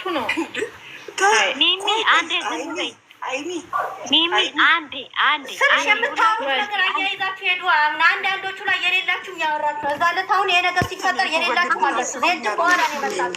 ስንቱ ነው? ሚሚ አንዴ አንዴ አንዴ የምታወሩት ነገር አያይዛችሁ ሄዱ። አንዳንዶቹ ላይ የሌላችሁ እያወራችሁ እዛ ዕለት አሁን ይሄ ነገር ሲፈጠር የሌላችሁ ማለት ነው። ሄድ በኋላ ነው የመጣ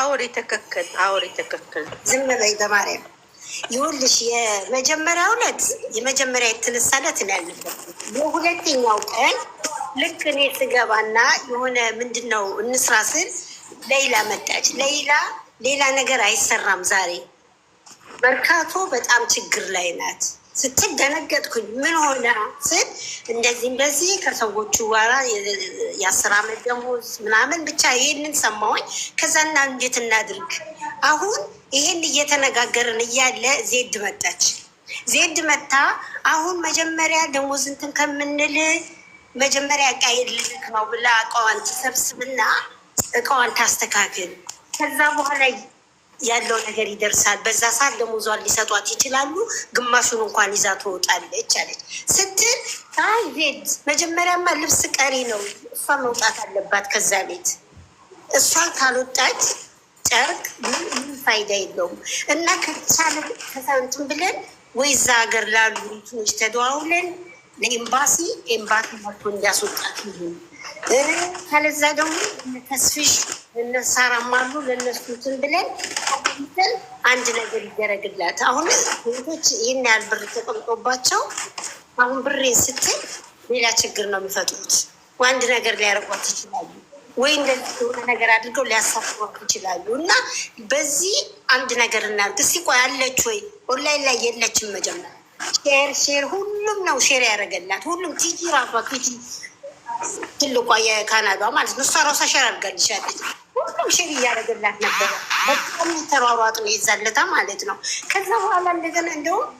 አውሪ ትክክል፣ ዝም በይ በማርያም ይኸውልሽ፣ የመጀመሪያ ዕለት የመጀመሪያ የተነሳለት ያለበት። በሁለተኛው ቀን ልክ እኔ ስገባና የሆነ ምንድን ነው እንስራ ስል ሌላ መጣች። ሌላ ሌላ ነገር አይሰራም ዛሬ መርካቶ በጣም ችግር ላይ ናት። ስትል ደነገጥኩኝ። ምን ሆነ ስል እንደዚህ እንደዚህ ከሰዎቹ ጋራ የአስር አመት ደሞዝ ምናምን ብቻ ይህንን ሰማሁኝ። ከዛና እንዴት እናድርግ አሁን ይህን እየተነጋገርን እያለ ዜድ መጣች። ዜድ መታ አሁን መጀመሪያ ደሞዝ እንትን ከምንል መጀመሪያ እቃ ልልክ ነው ብላ እቃዋን ትሰብስብና እቃዋን ታስተካክል ከዛ በኋላ ያለው ነገር ይደርሳል። በዛ ሰዓት ደሞዟን ሊሰጧት ይችላሉ። ግማሹን እንኳን ይዛ ትወጣለች አለች ስትል አይ ቤት መጀመሪያማ ልብስ ቀሪ ነው፣ እሷ መውጣት አለባት ከዛ ቤት። እሷን ካልወጣች ጨርቅ ምን ፋይዳ የለውም። እና ከተቻለ ከሳንትን ብለን ወይ እዛ ሀገር ላሉ እንትኖች ተደዋውለን ለኤምባሲ ኤምባሲ መርቶ እንዲያስወጣት ይሁን ከለዛ ደግሞ ተስፊሽ እነሳራማሉ ለነሱትን ለእነሱ እንትን ብለን አንድ ነገር ይደረግላት። አሁን ቤቶች ይህን ያህል ብር ተቀምጦባቸው አሁን ብሬን ስትል ሌላ ችግር ነው የሚፈጥሩት። አንድ ነገር ሊያረጓት ይችላሉ ወይ እንደዚህ የሆነ ነገር አድርገው ሊያሳፍሯት ይችላሉ። እና በዚህ አንድ ነገር እናርግ። እስኪ ቆይ አለች ወይ ኦንላይን ላይ የለችም። መጀመሪያ ሼር ሼር ሁሉም ነው ሼር ያደረገላት ሁሉም ቲጂ ራሷ ትልቋ የካናዳ ማለት ነው። እሷ ራሷ ሸር አድርጋልሻለች። ሁሉም ሸር እያደረገላት ነበረ። በጣም ተሯሯጥ ነው የዛለታ ማለት ነው። ከዛ በኋላ እንደገና እንደውም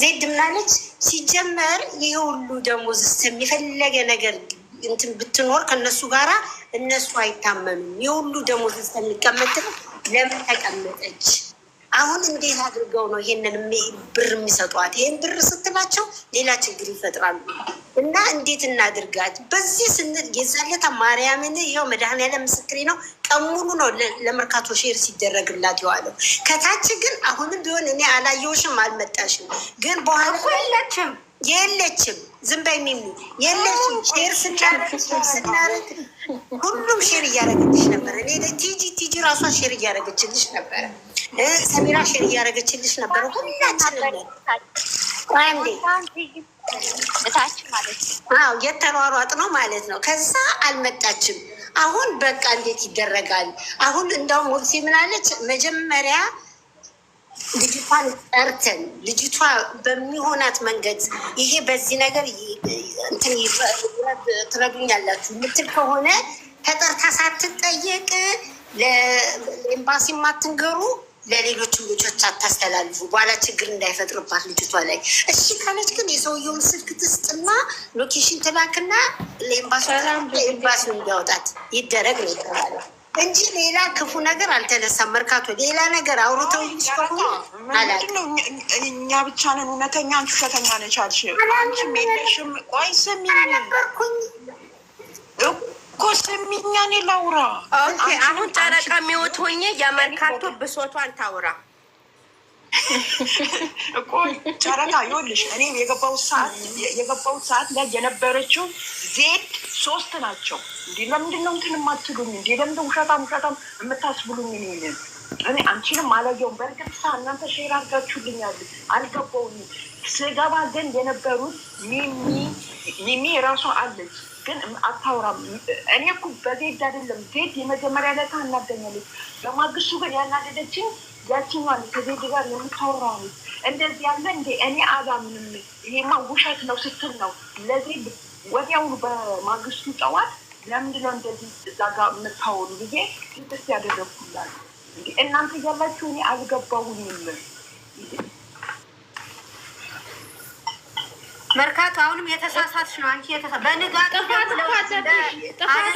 ዜድ ምናለች ሲጀመር ይህ ሁሉ ደሞዝ ስትም የፈለገ ነገር እንትን ብትኖር ከነሱ ጋራ እነሱ አይታመኑም። የሁሉ ደሞዝ ስትም የሚቀመጥ ለምን ተቀመጠች? አሁን እንዴት አድርገው ነው ይሄንን ብር የሚሰጧት? ይህን ብር ስትላቸው ሌላ ችግር ይፈጥራሉ። እና እንዴት እናድርጋት? በዚህ ስንል የዛለታ ማርያምን ይኸው መድኃኒዓለም ምስክሬ ነው። ቀን ሙሉ ነው ለመርካቶ ሼር ሲደረግላት የዋለው። ከታች ግን አሁንም ቢሆን እኔ አላየውሽም፣ አልመጣሽም። ግን በኋላ የለችም የለችም ዝም በይ ሚሚ የለሽም። ሼር ስናረግ ሁሉም ሼር እያደረግልሽ ነበረ። ቲጂ ቲጂ ራሷ ሼር እያደረገችልሽ ነበረ። ሰሚራ ሼር እያደረገችልሽ ነበረ። ሁላችንም የተሯሯጥ ነው ማለት ነው። ከዛ አልመጣችም። አሁን በቃ እንዴት ይደረጋል? አሁን እንዳውም ወቅሴ ምናለች መጀመሪያ ልጅቷን ጠርተን ልጅቷ በሚሆናት መንገድ ይሄ በዚህ ነገር እንትን ትረዱኛላችሁ የምትል ከሆነ ተጠርታ ሳትጠየቅ ለኤምባሲ ማትንገሩ ለሌሎችም ልጆች አታስተላልፉ፣ በኋላ ችግር እንዳይፈጥርባት ልጅቷ ላይ። እሺ ካለች ግን የሰውየውን ስልክ ትስጥና ሎኬሽን ትላክና ለኤምባሲ ኤምባሲ እንዲያወጣት ይደረግ ነው ይባላል። እንጂ ሌላ ክፉ ነገር አልተነሳም። መርካቶ ሌላ ነገር አውርተው እኛ ብቻ ነን እውነተኛ፣ አንቺ ውሸተኛ ነች አልሽ። አንቺም የለሽም። ቆይ ስሚኝ እኮ ስሚኝ፣ እኔ ላውራ። አሁን ጨረቃ የሚወት ሆኜ የመርካቶ ብሶቷን ታውራ እኮ ጨረቃ ይኸውልሽ፣ እኔ የገባሁት ሰዓት ላይ የነበረችው ዜድ ሶስት ናቸው። እንዲ ለምንድን ነው እንትን የማትሉኝ? እንዲ ለምንድን ውሸታም ውሸታም የምታስብሉኝ? እኔን እኔ አንቺንም አላየውም። በእርግጥ ሳ እናንተ ሼር አድርጋችሁልኛል፣ አልገባውኝ። ስገባ ግን የነበሩት ሚሚ ሚሚ ራሷ አለች ግን አታውራም። እኔ እኮ በዜድ አይደለም ዜድ የመጀመሪያ ዕለት አናገኛለች። በማግስቱ ግን ያናደደችኝ ያችኛዋን ከዜድ ጋር የምታወራው እንደዚህ ያለ እንደ እኔ አዛ ምንም ይሄማ ውሸት ነው ስትል ነው ለዜድ ወዲያውኑ በማግስቱ ጠዋት ለምንድነው እንደዚህ እዛ ጋር የምታወሩ ጊዜ ጥስ ያደረግኩላል። እናንተ እያላችሁ እኔ አልገባሁኝም። መርካቶ አሁንም የተሳሳትሽ ነው አንቺ። ጥፋት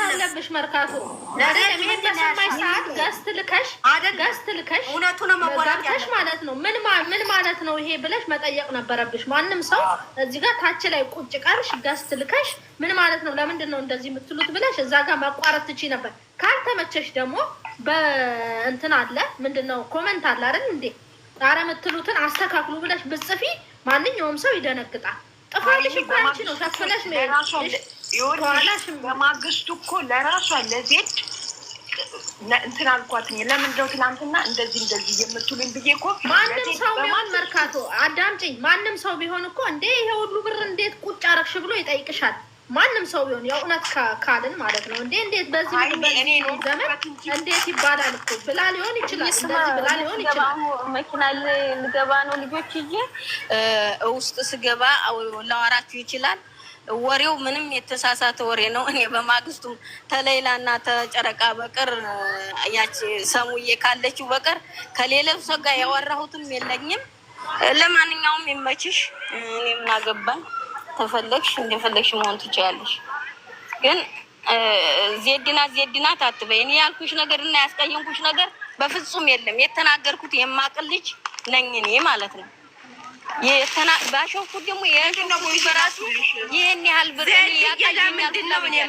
አለብሽ መርካቶ። በሰማሽ ሰዓት ገዝት ልከሽ ገዝት ልከሽ እውነቱን ማለት ነው። ምን ማለት ነው ይሄ ብለሽ መጠየቅ ነበረብሽ። ማንም ሰው እዚህ ጋር ታች ላይ ቁጭ ቀርሽ ገዝት ልከሽ ምን ማለት ነው፣ ለምንድን ነው እንደዚህ የምትሉት ብለሽ እዛ ጋር ማቋረጥ ትቺ ነበር። ካልተመቸሽ ደግሞ በእንትን አለ ምንድን ነው ኮመንት አለ አይደል እንዴ ኧረ የምትሉትን አስተካክሉ ብለሽ ብጽፊ ማንኛውም ሰው ይደነግጣል። ጥፋትሽ እኮ አንቺ ነው። ነው በማግስቱ እኮ ለራሷ ለዜድ እንትን ለምን እንደው ትናንትና እንደዚህ እንደዚህ የምትሉኝ ብዬ እኮ ማንም ሰው ቢሆን መርካቶ አዳምጪኝ። ማንም ሰው ቢሆን እኮ እንዴ ይሄ ሁሉ ብር እንዴት ቁጭ አረግሽ ብሎ ይጠይቅሻል። ማንም ሰው ቢሆን የእውነት ካልን ማለት ነው። እንዴ እንዴት በዚህ ዘመን እንዴት ይባላል እኮ ብላ ሊሆን ይችላል፣ እንደዚህ ብላ ሊሆን ይችላል። መኪና ልገባ ነው ልጆች እዬ ውስጥ ስገባ ለዋራችሁ ይችላል። ወሬው ምንም የተሳሳተ ወሬ ነው። እኔ በማግስቱ ተሌላ እና ተጨረቃ በቀር ያች ሰሙዬ ካለችው በቀር ከሌለው ሰው ጋር ያወራሁትም የለኝም። ለማንኛውም ይመችሽ። እኔ ምን አገባኝ። ተፈለግሽ እንደፈለግሽ መሆን ትችያለሽ። ግን ዜድናት ዜድናት አትበይ። እኔ ያልኩሽ ነገር እና ያስቀየምኩሽ ነገር በፍጹም የለም። የተናገርኩት የማቅ ልጅ ነኝ እኔ ማለት ነው። ባሾፍኩት ደግሞ በራሱ ይህን ያህል ብር ቢኖርችን ብዬ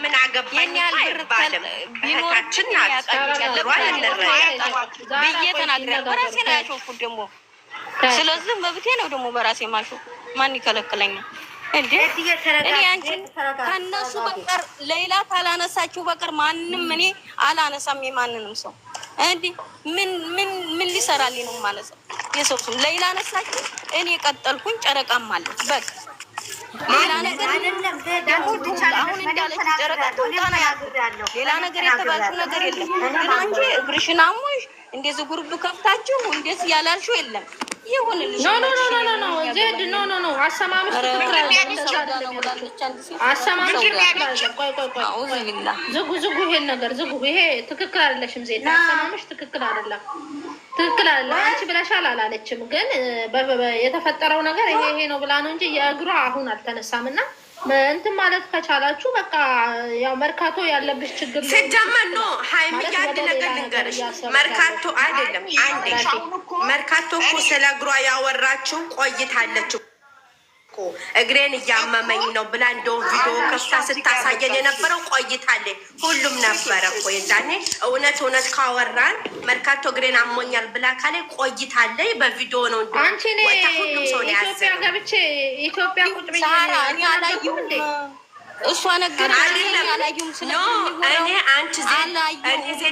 ተናግሬያለሁ። በራሴ ነው ደግሞ። ስለዚህ መብቴ ነው ደግሞ በራሴ ማሾፍ። ማን ይከለክለኛል? ከእነሱ በቀር ሌላ ካላነሳችሁ በቀር ማንም እኔ አላነሳም። የማንንም ሰው እንዲህ ምን ምን ምን ሊሰራልኝ ነው ማለት ነው። የሰው ስም ሌላ አነሳችሁ፣ እኔ ቀጠልኩኝ። ጨረቃም አለች በቃ ሌላ ነገር አሁን እንዳለች ጨረቃ ትውጣና ያለው ሌላ ነገር የተባልኩ ነገር የለም። ግን አንቺ እግርሽን አሞሽ እንደዚህ ጉርብ ከፍታችሁ እንደዚህ ያላልሽው የለም። ይሁንልሽ አሰማምሽ ዝጉ ዝጉ፣ ይሄን ነገር ዝጉ። ይሄ ትክክል አይደለሽም ዜና። አሰማምሽ ትክክል አይደለም፣ ትክክል አይደለም። አንቺ ብለሻል አላለችም፣ ግን የተፈጠረው ነገር ይሄ ይሄ ነው ብላ ነው እንጂ የእግሯ አሁን አልተነሳም እና እንትን ማለት ከቻላችሁ በቃ ያው መርካቶ ያለብሽ ችግር ስጀመር ኖ ሀይሚዬ አንድ ነገር ልንገርሽ፣ መርካቶ አይደለም አንዴ መርካቶ እኮ ስለ እግሯ ያወራችው ቆይታለችው። እግሬን እያመመኝ ነው ብላ እንደውም ቪዲዮ ከፍታ ስታሳየን የነበረው ቆይታለች። ሁሉም ነበረ እኮ የዛኔ እውነት እውነት ካወራን መርካቶ እግሬን አሞኛል ብላ ካለ ቆይታለች። በቪዲዮ ነው ሁሉም ሰው ያዘ። ኢትዮጵያ ቁጭ ብዬ አላየሁም እንዴ እሷ ነገር አላየሁም ስለ እኔ አንቺ ዜ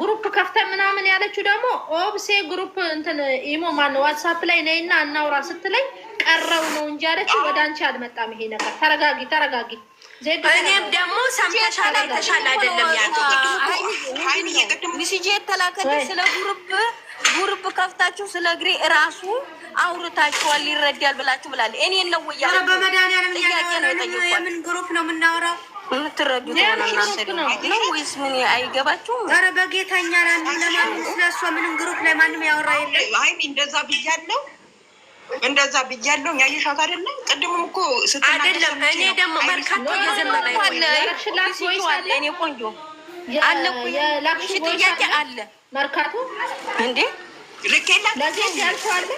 ግሩፕ ከፍተ ምናምን ያለችው ደግሞ ኦብሴ ግሩፕ እንትን ኢሞ ማነው ዋትሳፕ ላይ ነይና እናውራ ስትለኝ ቀረው ነው እንጂ ያለችው። ወደ አንቺ አልመጣም ይሄ ነገር። ተረጋጊ ተረጋጊ። እኔም ደግሞ ሰምተሻል አይተሻል አይደለም ሲጂ የተላከልኝ ስለ ግሩፕ ጉርብ ከፍታችሁ ስለ እግሬ እራሱ አውርታችኋል ይረዳል ብላችሁ ብላለች። እኔ ነው ወያ በመድኃኒዓለም ጥያቄ ነው የምን ግሩፕ ነው የምናወራው የምትረዱት ነው ወይስ ምን አይገባችሁም? ኧረ በጌታ እኛ ለማንም ስለሷ ምንም ግሩፕ ላይ ማንም ያወራ የለም። ሀይሚ እንደዛ ብያለሁ እንደዛ ብያለሁ። ያየሻት አይደለ? ቅድሙም እኮ አይደለም። እኔ ደግሞ መርካቶ እየዘመረ እኔ ቆንጆ አለ ላክሽ ጥያቄ አለ መርካቶ እንዴ ልኬላ ያልተዋለ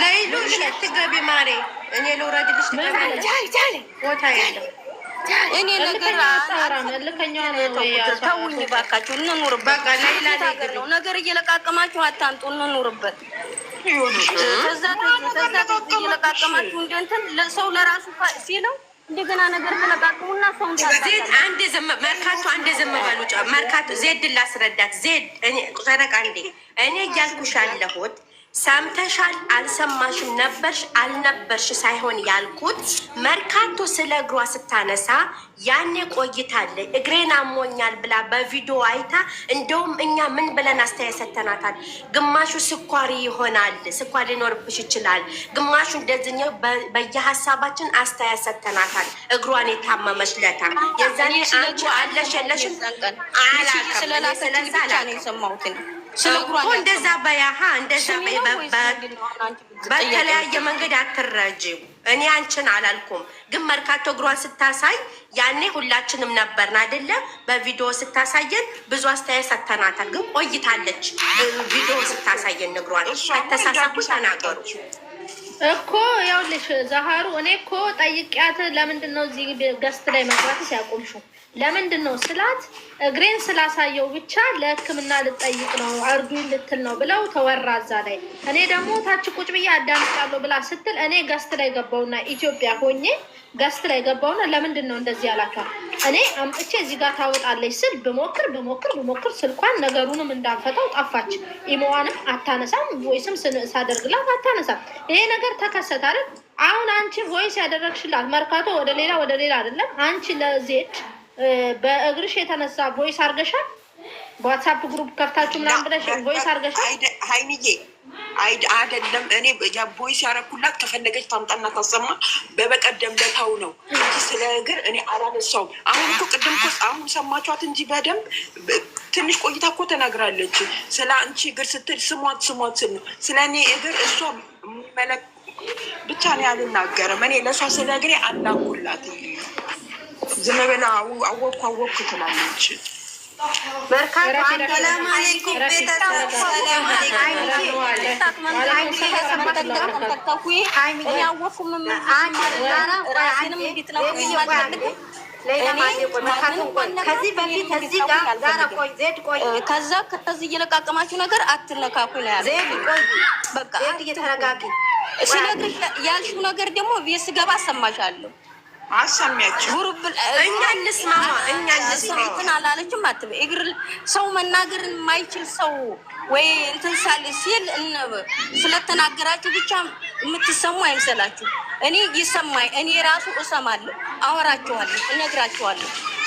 ለይሉ ልትገቢ ማሬ እኔ ልውረድልሽ ቦታ የለም እኔ ነገር ተውኝ ባካችሁ፣ እንኑርበት። ነገር እየለቃቀማችሁ አታምጡ፣ እንኑርበት። እየለቃቀማችሁ እንደ እንትን ሰው ለራሱ ሲለው እንደገና ነገር ተለቃቅሙና ሰው ዜድ አንድ መርካቶ አንድ ዝም በሉ መርካቶ ዜድ ላስረዳት ዜድ ተረቅ አንዴ እኔ እያልኩሽ አለሁት ሰምተሻል አልሰማሽም ነበርሽ አልነበርሽ ሳይሆን ያልኩት መርካቶ ስለ እግሯ ስታነሳ ያኔ ቆይታለች እግሬን አሞኛል ብላ በቪዲዮ አይታ እንደውም እኛ ምን ብለን አስተያየት ሰተናታል ግማሹ ስኳሪ ይሆናል ስኳር ሊኖርብሽ ይችላል ግማሹ እንደዚህኛው በየሀሳባችን አስተያየት ሰተናታል እግሯን የታመመች ለታ የዛኔ አንቺ አለሽ የለሽም ነው ስለዛ እንደዛ በያ እንደዛ በተለያየ መንገድ አትረጅም። እኔ አንቺን አላልኩም፣ ግን መርካቶ እግሯን ስታሳይ ያኔ ሁላችንም ነበርን አይደለ? በቪዲዮ ስታሳየን ብዙ አስተያየት ሰተናታል፣ ግን ቆይታለች። ቪዲዮ ስታሳየን እግሯን ከተሳሳቱ ተናገሩ። እኮ ልሽ ዛሃሩ እኔ እኮ ጠይቂያት፣ ለምንድን ነው እዚህ ገስት ላይ መግባት ያቆምሽው? ለምንድን ነው ስላት፣ እግሬን ስላሳየው ብቻ ለሕክምና ልጠይቅ ነው አርዱ ልትል ነው ብለው ተወራ እዛ ላይ። እኔ ደግሞ ታች ቁጭ ብዬ አዳምጣለሁ ብላ ስትል እኔ ገስት ላይ ገባውና ኢትዮጵያ ሆኜ ገስት ላይ ገባውና ለምንድን ነው እንደዚህ ያላቸዋል? እኔ አምጥቼ እዚህ ጋር ታወጣለች ስል ብሞክር ብሞክር ብሞክር ስልኳን ነገሩንም እንዳንፈታው ጠፋች። ኢሞዋንም አታነሳም፣ ቮይስም ሳደርግላት አታነሳም። ይሄ ነገር ተከሰተ አይደል? አሁን አንቺ ቮይስ ያደረግሽላት መርካቶ ወደ ሌላ ወደ ሌላ አይደለም። አንቺ ለዜድ በእግርሽ የተነሳ ቮይስ አርገሻል። በዋትሳፕ ግሩፕ ከፍታችሁ ምናምን ብለሽ ቮይስ አድርገሻል። ሀይሚዬ አይድ አይደለም እኔ ቮይስ ያረኩላት ከፈለገች ታምጣና ታሰማ። በበቀደም ለታው ነው እንጂ ስለ እግር እኔ አላነሳውም። አሁን እኮ ቅድም እኮ አሁን ሰማችኋት እንጂ በደንብ ትንሽ ቆይታ እኮ ተናግራለች። ስለ አንቺ እግር ስትል ስሟት ስሟት ስል ነው ስለ እኔ እግር እሷ መለ ብቻ ነው ያልናገረም። እኔ ለእሷ ስለ እግሬ አላኩላት ዝም ብላ አወቅኩ አወቅኩ ትላለች። ከዚህ በፊት ከዛ ከዚህ እየለቃቀማችሁ ነገር አትነካኩ ነው ያለ ዜድ ቆይ፣ በቃ እየተረጋጊ ሲነግርሽ ያልሽው ነገር ደግሞ ስገባ አሰማሻለሁ። እንትን አላለችም አትበይ። እግር ሰው መናገርን የማይችል ሰው ወይ እንትን ሳል ሲል ስለተናገራችሁ ብቻ የምትሰሙ አይምሰላችሁ። እኔ ይሰማኝ፣ እኔ ራሱ እሰማለሁ፣ አወራችኋለሁ፣ እነግራችኋለሁ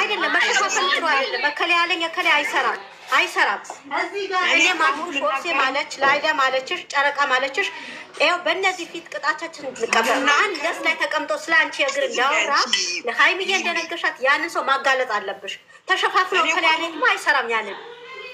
አይደለም መሸፋፈል ጥሩ አይደለም። እከሌ ያለኝ እከሌ አይሰራም አይሰራም። እኔ ማሁን ሾሴ ማለች ላይዳ ማለችሽ ጨረቃ ማለችሽ። ይኸው በእነዚህ ፊት ቅጣቻችን እንቀበል። አንድ ደስ ላይ ተቀምጦ ስለ አንቺ እግር እንዳወራ ለሀይሚዬ እንደነገሻት ያንን ሰው ማጋለጥ አለብሽ። ተሸፋፍለው እከሌ ያለኝማ አይሰራም ያንን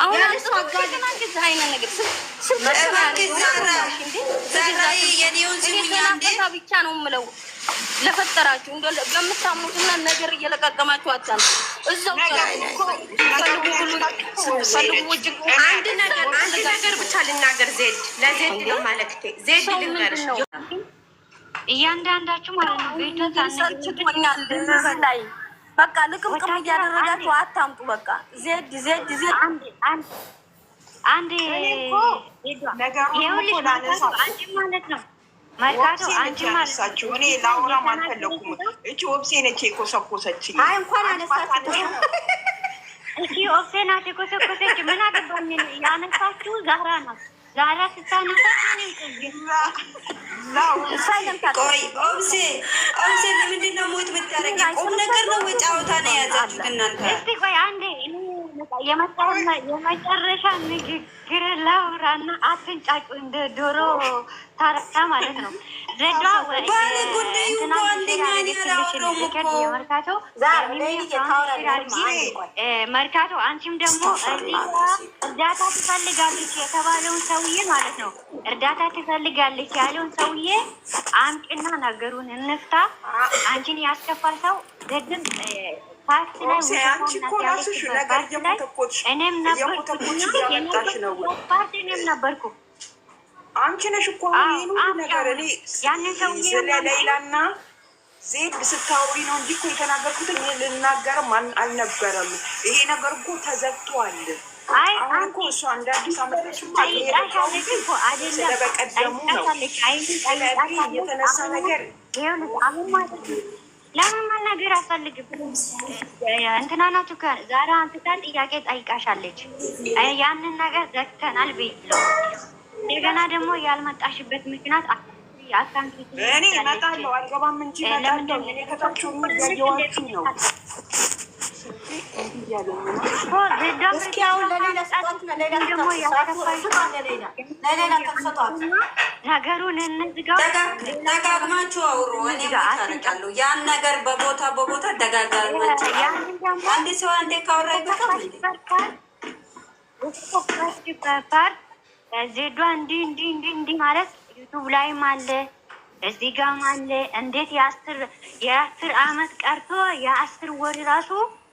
አሁን ብቻ ነው የምለው ለፈጠራችሁ እንደ በምታምኑትና ነገር እየለቀቀማችሁ አታን እዛው አንድ ነገር አንድ ነገር ብቻ ልናገር። ዜድ ለዜድ ነው ማለት ዜድ ልንገርሽ እያንዳንዳችሁ ማለት ነው ቤቶች ላይ በቃ ልቅምቅም እያደረጋችሁ አታምጡ። በቃ ዜድ ዜድ ዜድ አንድ አንድ አንድ ማለት ነው ወብሴ አይ እንኳን አነሳችሁ ወብሴ ናት የኮሰኮሰች። ምን አገባኝ። ያነሳችሁ ዛራ ዛራ ስታነሳ ቆይ ኦብሴ ሞት የምታደርጊው? ቁም ነገር ነው ወይ ጫወታ ነው የያዛችሁት እናንተ? የመጨረሻ ንግግር ላውራና አትንጫጩ። እንደ ዶሮ ታረታ ማለት ነው። ዘዷ መርካቶ፣ አንቺም ደግሞ እርዳታ ትፈልጋለች የተባለውን ሰውዬ ማለት ነው። እርዳታ ትፈልጋለች ያለውን ሰውዬ አምጪና ነገሩን እንፍታ። አንቺን ያስከፋ ሰው ደግም አንቺ እኮ እራስሽ ነገር እየኮተኮትሽ እየኮተኮትሽ እያመጣሽ ነው። አንቺ ነሽ እኮ ይሄን ሁሉ ነገር እኔ ስለ ሌላና ዜድ ስታወሪ ነው እንጂ እኮ የተናገርኩት እኔ ልናገርም አልነበረም። ይሄ ነገር እኮ ተዘግቷል። አሁን እኮ እሷ እንደ አዲስ አመጣች ስለበቀደሙ ነው። ስለዚህ የተነሳ ነገር ለምን መናገር አፈልግም? እንትና ናቱ ዛሬ አንስታን ጥያቄ ጠይቃሻለች። ያንን ነገር ዘግተናል ብለው እንደገና ደግሞ ያልመጣሽበት ምክንያት እኔ እመጣለሁ አልገባም እንጂ እመጣለሁ። እኔ ከታችሁ የሚያየዋችሁ ነው እስኪ አሁን ለሌላ ነገሩን እንዝጋው። ደጋግማችሁ አውሩ። እኔ ታረቃሉ ያን ነገር በቦታ በቦታ ደጋግማችሁ አንድ ሰው አንዴ ካወራ ዜዷ እንዲህ እንዲህ እንዲህ እንዲህ ማለት ዩቱብ ላይም አለ እዚህ ጋም አለ። እንዴት የአስር የአስር አመት ቀርቶ የአስር ወር ራሱ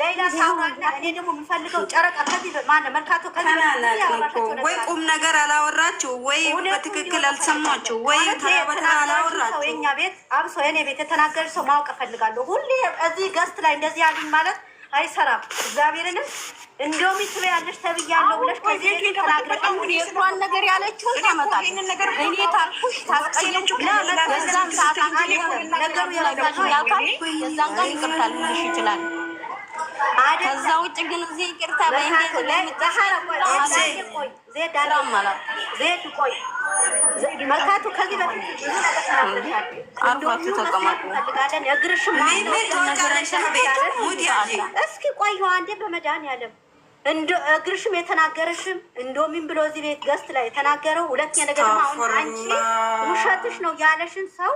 ሌላ ታውራና እኔ ደግሞ የምፈልገው ጨረቃ ከዚህ ማነው ወይ ቁም ነገር አላወራችሁ ወይ በትክክል አልሰማችሁ ወይ አላወራችሁ። የኛ ቤት አብሶ የኔ ቤት የተናገር ሰው ማወቅ እፈልጋለሁ። ሁሌ እዚህ ገስት ላይ እንደዚህ ያሉኝ ማለት አይሰራም። እግዚአብሔርንም እንደውም ይስሩ ያለሽ ተብያለሁ ብለሽ እሷን ነገር ያለችውን ታመጣለሽ። እኔ ታልኩሽ ታስቀየምሽ ነገሩ የረጋሽ ያልካል። የዛን ጋር ይቅርታል ይችላል ከዛ ውጭ ግን እዚህ ይቅርታ እስኪ ቆይ አንዴ በመድኃኒዓለም እግርሽም የተናገረሽም እንደሚም ብሎ እዚህ ቤት ገስት ላይ የተናገረው ሁለተኛ ነገር አንቺ ውሸትሽ ነው ያለሽን ሰው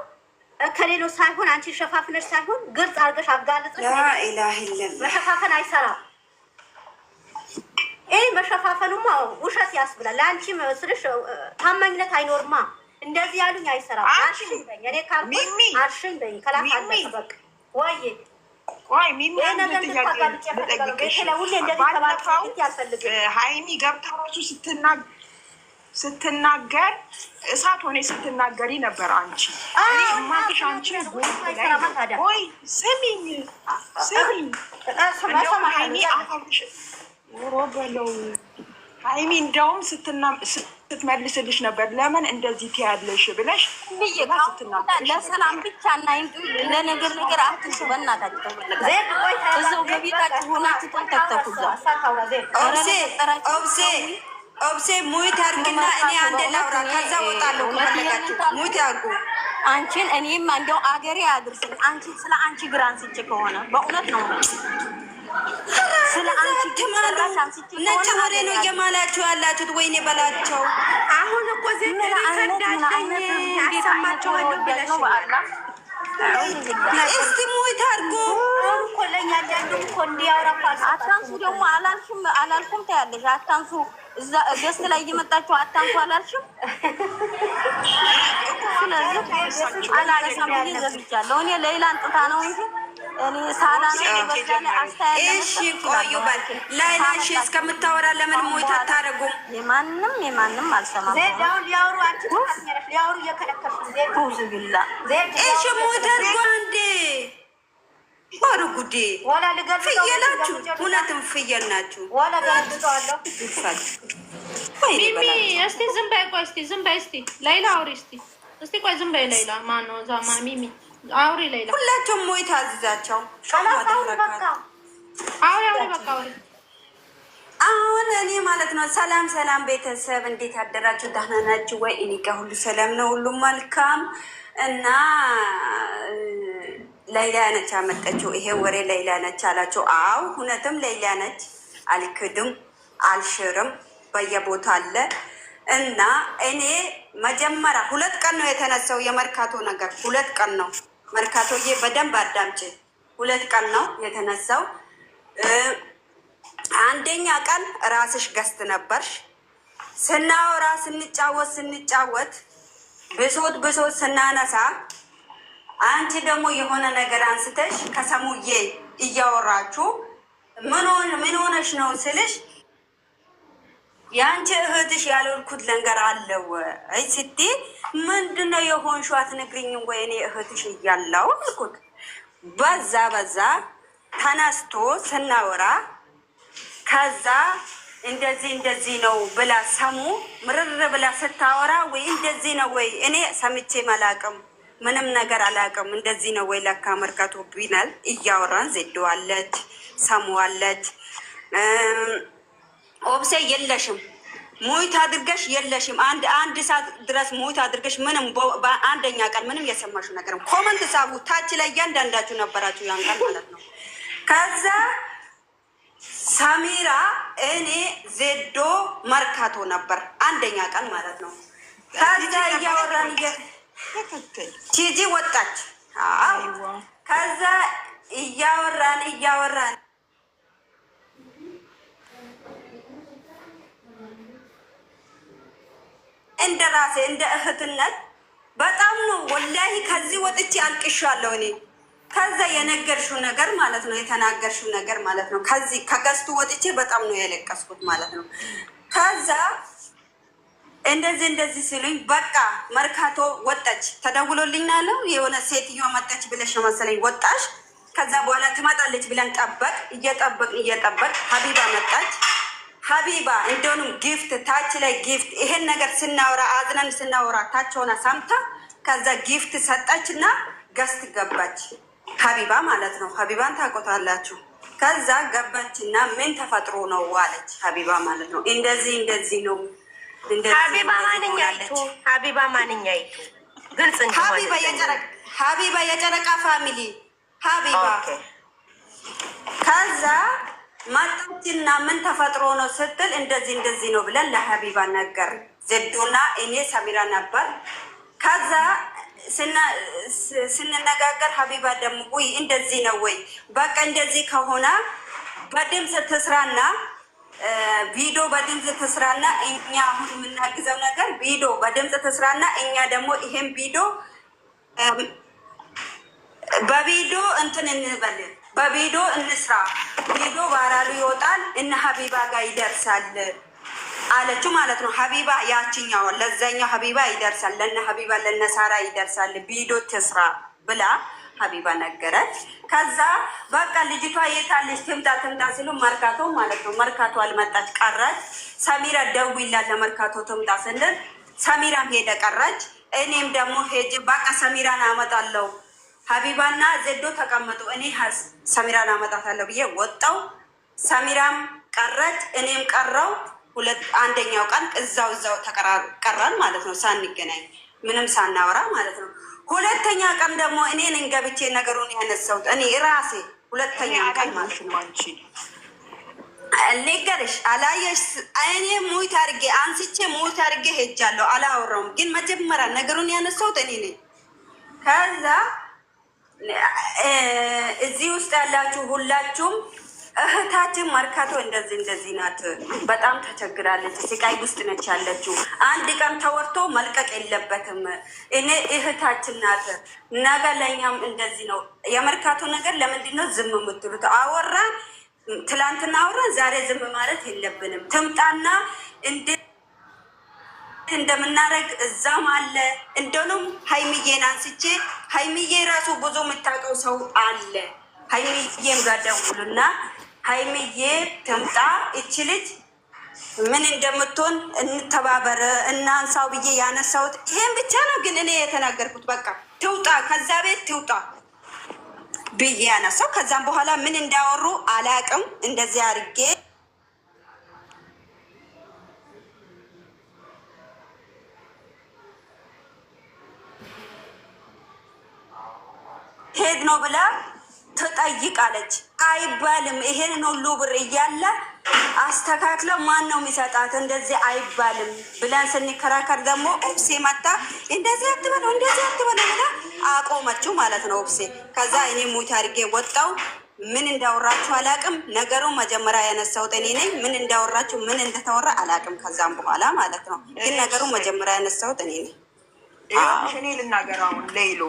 ከሌሎ ሳይሆን አንቺ ሸፋፍነሽ ሳይሆን ግልጽ አድርገሽ አጋልጽሽ። መሸፋፈን አይሰራም። ይህ መሸፋፈኑማ ውሸት ያስብላል። ለአንቺ ስልሽ ታማኝነት አይኖርማ። እንደዚህ ያሉኝ አይሰራም። አርሽኝ በይኝ፣ እኔ ካልኩኝ አርሽኝ በይኝ። ከላፍ በቃ ወይ ሚሚ ሁሌ እንደዚህ ተባልኩ ያልፈልግም። ሀይሚ ገብታ ራሱ ስትናገር ስትናገር እሳት ሆኔ ስትናገሪ ነበር። አንቺ ማሽ አንቺ ወይ ስሚኝ ስሚኝ፣ ሮ በለው ሀይሚ እንደውም ስትመልስልሽ ነበር ለምን እንደዚህ ትያለሽ ብለሽ ለሰላም ብቻ እና ለነገር ነገር አትንሱ። በእናታችሁ እዛው በቤታችሁ ሆናችሁ ተንተክተኩ ዛ ኦብሴ ሙይት አድርግና እኔ አንዴ ላውራ፣ ከዛ ወጣለሁ። ከፈለጋችሁ ሙይት አድርጉ። አንቺን እኔም እንደው አገሬ አድርስኝ። አንቺ ስለ አንቺ ግራ አንስቼ ከሆነ በእውነት ነው ነጭ ወሬ ነው እየማላችሁ ያላችሁት። ወይኔ በላቸው። አሁን እኮ እስቲ ሙይት አድርጉ። እኮ ለእኛ አንዳንዱ እኮ እንዲያውራ አታንሱ። ደግሞ አላልኩም ታያለሽ አታንሱ እዛ ገስት ላይ እየመጣችሁ አታንኩ አልሽም። ስለዚህ ዘግቻለሁ። እኔ ሌላ አንጥታ ነው እንጂ እሺ ቆዩ በል ላይላ። እሺ እስከምታወራ ለምን ሞት አታደርጉም? የማንም የማንም አልሰማም። እሺ ሞት ባዶ ጉዴ ፍየላችሁ፣ እውነትም ፍየል ናችሁ። ሚሚ እስቲ ዝም በይ፣ ቆይ እስቲ ዝም በይ፣ እስቲ ላይላ አውሪ እስቲ እስቲ ቆይ ዝም በይ ላይላ። ማነው እዛ ማን ሚሚ አውሪ ላይላ። ሁላቸውም ሞይ ታዝዛቸው አውሪ አውሪ፣ በቃ አውሪ። አሁን እኔ ማለት ነው። ሰላም ሰላም ቤተሰብ፣ እንዴት አደራችሁ? ደህና ናችሁ ወይ? እኔ ጋር ሁሉ ሰላም ነው፣ ሁሉ መልካም እና ሌላ ነች ያመጣችው፣ ይሄ ወሬ ሌላ ነች አላቸው። አዎ እውነትም ሌላ ነች፣ አልክድም፣ አልሽርም፣ በየቦታ አለ እና እኔ መጀመሪያ ሁለት ቀን ነው የተነሳው የመርካቶ ነገር፣ ሁለት ቀን ነው መርካቶዬ፣ በደንብ አዳምጪ። ሁለት ቀን ነው የተነሳው። አንደኛ ቀን ራስሽ ገስት ነበርሽ። ስናወራ ስንጫወት ስንጫወት ብሶት ብሶት ስናነሳ አንቺ ደግሞ የሆነ ነገር አንስተሽ ከሰሙዬ እያወራችሁ ምን ሆነሽ ነው ስልሽ የአንቺ እህትሽ ያልወልኩት ነገር አለው አይ ስቲ ምንድነው የሆንሽው? አትነግሪኝም ወይ እኔ እህትሽ እያለው አልኩት። በዛ በዛ ተነስቶ ስናወራ ከዛ እንደዚህ እንደዚህ ነው ብላ ሰሙ ምርር ብላ ስታወራ ወይ እንደዚህ ነው ወይ እኔ ሰምቼ መላቅም ምንም ነገር አላውቅም። እንደዚህ ነው ወይ ለካ መርካቶ ቢናል እያወራን ዜደዋለች፣ ሰማዋለች። ኦብሴ የለሽም ሙይት አድርገሽ የለሽም። አንድ አንድ ሰዓት ድረስ ሙይት አድርገሽ ምንም በአንደኛ ቀን ምንም የሰማሽው ነገር ኮመንት ሳቡ ታች ላይ እያንዳንዳችሁ ነበራችሁ ያን ቀን ማለት ነው። ከዛ ሰሚራ እኔ ዜዶ መርካቶ ነበር አንደኛ ቀን ማለት ነው። ከዛ እያወራን ቲጂ ወጣች። ከዛ እያወራን እያወራን እንደ ራሴ እንደ እህትነት በጣም ነው ወላሂ። ከዚህ ወጥቼ አልቅሻለሁ እኔ። ከዛ የነገርሽው ነገር ማለት ነው የተናገርሽው ነገር ማለት ነው። ከዚህ ከገዝቱ ወጥቼ በጣም ነው የለቀስኩት ማለት ነው። ከዛ እንደዚህ እንደዚህ ሲሉኝ በቃ መርካቶ ወጣች ተደውሎልኝ አለው። የሆነ ሴትዮ መጣች ብለሽ ነው መሰለኝ ወጣሽ። ከዛ በኋላ ትመጣለች ብለን ጠበቅ እየጠበቅ እየጠበቅ ሀቢባ መጣች። ሀቢባ እንደውም ጊፍት ታች ላይ ጊፍት ይሄን ነገር ስናወራ አዝነን ስናወራ ታች ሆና ሰምታ ከዛ ጊፍት ሰጠች እና ገስት ገባች። ሀቢባ ማለት ነው። ሀቢባን ታቆታላችሁ። ከዛ ገባችና ምን ተፈጥሮ ነው አለች። ሀቢባ ማለት ነው። እንደዚህ እንደዚህ ነው ሀቢባ ማንኛይቱ ሀቢባ ማንኛይቱ ግልጽ ሀቢባ የጨረቃ ፋሚሊ ሀቢባ ከዛ ማጣችና ምን ተፈጥሮ ነው ስትል እንደዚህ እንደዚህ ነው ብለን ለሀቢባ ነገር ዘዶና እኔ ሰሚራ ነበር። ከዛ ስንነጋገር ሀቢባ ደግሞ ውይ እንደዚህ ነው ወይ በቃ እንደዚህ ከሆነ በድምፅ ትስራና ቪዲዮ በድምፅ ትስራና እኛ አሁን የምናግዘው ነገር ቪዲዮ በድምፅ ትስራና እኛ ደግሞ ይሄን ቪዲዮ በቪዲዮ እንትን እንበል፣ በቪዲዮ እንስራ። ቪዲዮ ባራሉ ይወጣል እነ ሀቢባ ጋር ይደርሳል አለችው ማለት ነው። ሀቢባ ያችኛው ለዛኛው ሀቢባ ይደርሳል፣ ለነ ሀቢባ ለነ ሳራ ይደርሳል። ቪዲዮ ትስራ ብላ ሀቢባ ነገረች። ከዛ በቃ ልጅቷ የታለች ትምጣ ትምጣ ሲሉ መርካቶ ማለት ነው መርካቶ አልመጣች ቀረች። ሰሚራ ደውላ ለመርካቶ ትምጣ ስንል ሰሚራም ሄደ ቀረች። እኔም ደግሞ ሄጅ በቃ ሰሚራን አመጣለሁ ሀቢባና ዘዶ ተቀመጡ፣ እኔ ሰሚራን አመጣታለሁ ብዬ ወጣው። ሰሚራም ቀረች፣ እኔም ቀረው። ሁለት አንደኛው ቀን እዛው እዛው ተቀራል ማለት ነው፣ ሳንገናኝ ምንም ሳናወራ ማለት ነው። ሁለተኛ ቀን ደግሞ እኔን እንገብቼ ገብቼ ነገሩን ያነሳሁት እኔ ራሴ። ሁለተኛ ቀን ማለት ነው ልንገርሽ፣ አላየሽ እኔ ሙት አድርጌ አንስቼ ሙት አድርጌ ሄጃለሁ። አላወራውም፣ ግን መጀመሪያ ነገሩን ያነሳሁት እኔ ነኝ። ከዛ እዚህ ውስጥ ያላችሁ ሁላችሁም እህታችን መርካቶ እንደዚህ እንደዚህ ናት፣ በጣም ተቸግራለች፣ ስቃይ ውስጥ ነች ያለችው። አንድ ቀን ተወርቶ መልቀቅ የለበትም። እኔ እህታችን ናት፣ ነገ ለእኛም እንደዚህ ነው። የመርካቶ ነገር ለምንድን ነው ዝም የምትሉት? አወራን፣ ትላንትና አወራን፣ ዛሬ ዝም ማለት የለብንም። ትምጣና እንደ እንደምናደርግ እዛም አለ እንደሆነም ሀይሚዬን አንስቼ ሀይሚዬ ራሱ ብዙ የምታውቀው ሰው አለ ሀይሚዬም ጋር ደውሉና ሀይሚዬ ትምጣ እች ልጅ ምን እንደምትሆን እንተባበር እናንሳው ብዬ ያነሳሁት ይሄን ብቻ ነው። ግን እኔ የተናገርኩት በቃ ትውጣ፣ ከዛ ቤት ትውጣ ብዬ ያነሳው። ከዛም በኋላ ምን እንዳወሩ አላቅም። እንደዚህ አድርጌ ሄድ ነው ብላ ጠይቃለች አይባልም። ይሄንን ሁሉ ብር እያለ አስተካክለው ማን ነው የሚሰጣት? እንደዚህ አይባልም ብለን ስንከራከር ደግሞ ኦፕሴ መጣ። እንደዚህ አትበለው፣ እንደዚህ አትበለው ብላ አቆመችው ማለት ነው ኦፕሴ። ከዛ እኔ ሙት አድርጌ ወጣው። ምን እንዳወራችሁ አላቅም። ነገሩ መጀመሪያ ያነሳሁት እኔ ነኝ። ምን እንዳወራችሁ ምን እንደተወራ አላቅም። ከዛም በኋላ ማለት ነው ግን ነገሩ መጀመሪያ ያነሳሁት እኔ ነኝ። እኔ ልናገር አሁን ሌሎ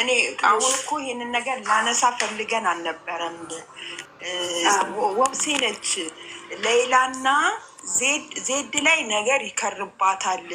እኔ አሁን እኮ ይሄንን ነገር ላነሳ ፈልገን አልነበረም። ወብሴ ነች ሌላና ዜድ ላይ ነገር ይከርባታል።